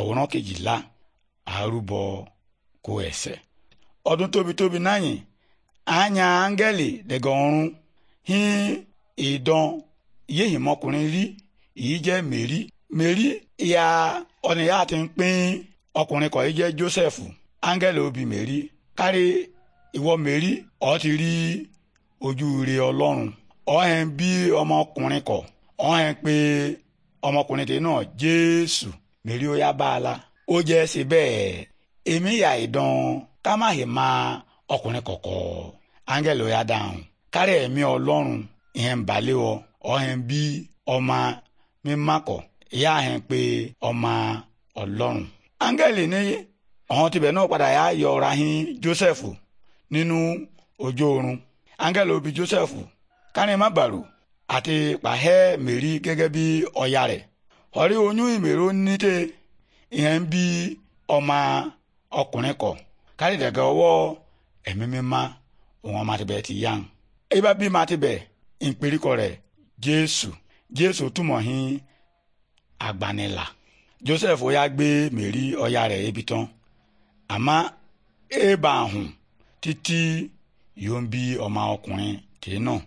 àwòrán kejìlá àrúbọ kó ẹ̀ṣẹ̀. ọdún tóbi-tóbi náyìn àáyá áńgẹ́lì dẹ̀gọ̀rún hín ìdán yéhìn mọkùnrin rí èyí jẹ́ mèrí mèrí ìyá ọ̀nìyá ti ń pín ọkùnrin kọ̀ yìí jẹ́ jósẹ́fù áńgẹ́lì òbí mèrí kárí ìwọ mèrí ọ ti rí ojú rẹ ọlọ́run ọ̀hẹ́ ń bí ọmọkùnrin kọ̀ ọ̀hẹ́ ń pe ọmọkùnrin tèmi náà jésù mìírí ó yá bá a la ó jẹ́ ṣe bẹ́ẹ̀ èmi yà ìdán ká má yìí ma ọkùnrin kọ̀kọ̀ áńgẹ̀lì ó yá dáhùn kárẹ̀ ẹ̀mí ọlọ́run ìhẹn ń balẹ̀ ọ ọ̀hẹn bí ọmọ mímákọ̀ ìyá hẹn pé ọmọ ọlọ́run. áńgẹ̀lì ní ọ̀hún tibẹ̀ náà padà yá yọ ọ̀ra hin Jósẹ́fù nínú ojú oorun áńgẹ̀lì ó bi kárẹ̀ má bàrù àti pàhẹ́ mèrí gẹ́gẹ́ bí ọ̀ya rẹ̀ ọ̀rí oyún ìmèrò ní tẹ ìyẹn ń bí ọmọ ọkùnrin kọ kárí dẹ̀gẹ̀ ọwọ́ ẹ̀mí mímá òun ọmọ àtibẹ̀ ti yá ń. ibà bí ma ti bẹ̀ ìpèríkọ rẹ̀ jésù jésù túmọ̀ hín agbanilà joseph ó yá gbé mèrí ọya rẹ̀ ibi tán àmọ́ ébà ahùn títí yóò ń bí ọmọ ọkùnrin tèé náà.